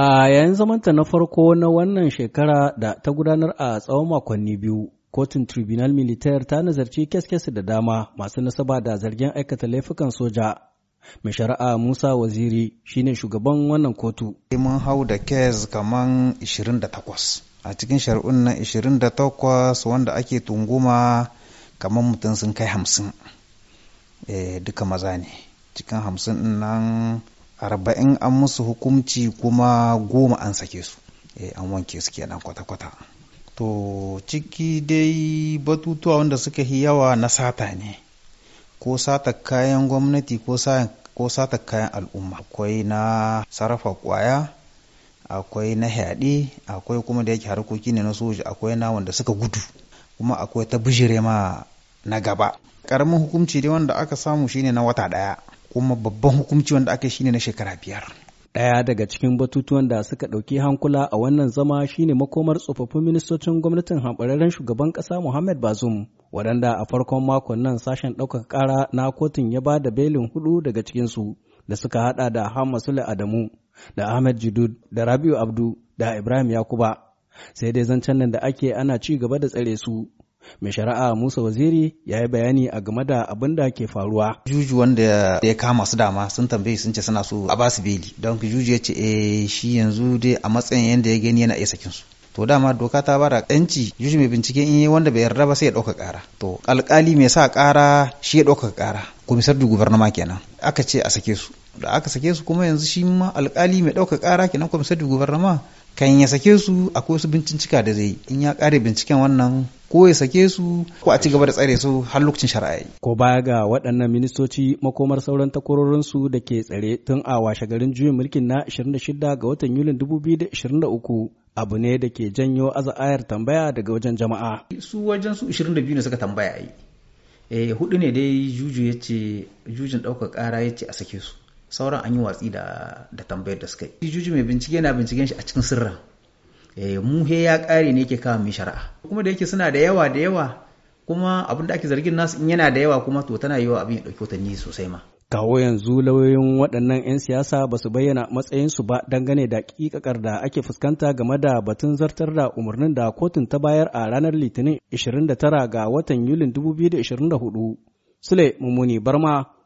A yayin zamanta na farko na wannan shekara da ta gudanar a tsawon makonni biyu, kotun Tribunal Militaire ta nazarci kyaskyasa da dama masu nasaba da zargin aikata laifukan soja. Mai shari'a Musa Waziri shine shugaban wannan kotu. Mun hau da kes kaman 28. A cikin shari'un na 28 wanda ake tunguma kaman mutum sun kai hamsin. Eh, duka maza ne. Cikin hamsin nan arba'in an musu hukumci kuma goma an sake su eh, an wanke su kenan kwata-kwata to ciki dai batutuwa wanda suka yi yawa na sata ne ko sata kayan gwamnati ko sata kayan al'umma akwai na sarrafa kwaya akwai na yaɗe akwai kuma da yake harkoki ne na soja akwai na wanda suka gudu kuma akwai ta bijire ma na gaba ƙaramin hukunci dai wanda aka samu shine na wata ɗaya kuma babban hukunci wanda aka shine na shekara biyar Daya daga cikin batutuwan da suka ɗauki hankula a wannan zama shine makomar tsofaffin ministocin gwamnatin hamɓararren shugaban ƙasa Muhammad Bazoum, waɗanda a farkon makon nan sashen ɗaukar ƙara na kotun ya ba da belin hudu daga cikinsu da suka haɗa da Hamma Sule Adamu, da Ahmed Jidud, da Rabiu Abdu, da Ibrahim Yakuba. Sai dai zancen nan da ake ana ci gaba da tsare su, mai shari'a musa waziri ya yi bayani a game da abin da ke faruwa juju wanda ya kama su dama sun tambayi sun ce suna so a basu beli don juju ya ce e, shi yanzu dai a matsayin yadda ya gani yana iya sakin su to dama doka ta bada yanci juju mai bincike in yi wanda bai yarda ba sai ya ɗauka ƙara to alƙali mai sa ƙara shi ya ɗauka ƙara komisar da gubernama kenan aka ce a sake su da aka sake su kuma yanzu shi ma alƙali mai ɗauka ƙara kenan komisar da gubernama kan ya sake su akwai wasu bincika da zai in ya kare binciken wannan ko ya sake su ko a ci gaba da tsare su har lokacin shari'a ko baya ga waɗannan ministoci makomar sauran takwarorinsu da ke tsare tun a washe garin juyin mulkin na 26 ga watan yulin 2023 abu ne da ke janyo aza'ayar tambaya daga wajen jama'a su wajen su 22 ne suka tambaya yi eh hudu ne dai juju ce jujin ɗaukar ƙara ya ce a sake su sauran an yi watsi da tambayar da suka yi juju mai bincike yana binciken shi a cikin sirra eh, mu he ya kare ne yake kawo mai shari'a kuma da yake suna da yawa da yawa kuma abin da ake zargin nasu in yana da yawa kuma to tana yiwa abin ya dauki watanni sosai ma kawo yanzu lauyoyin waɗannan 'yan siyasa ba su bayyana matsayinsu ba dangane da ƙiƙakar da ake fuskanta game da batun zartar da umarnin da kotun ta bayar a ranar litinin 29 ga watan yulin 2024 sule mummuni barma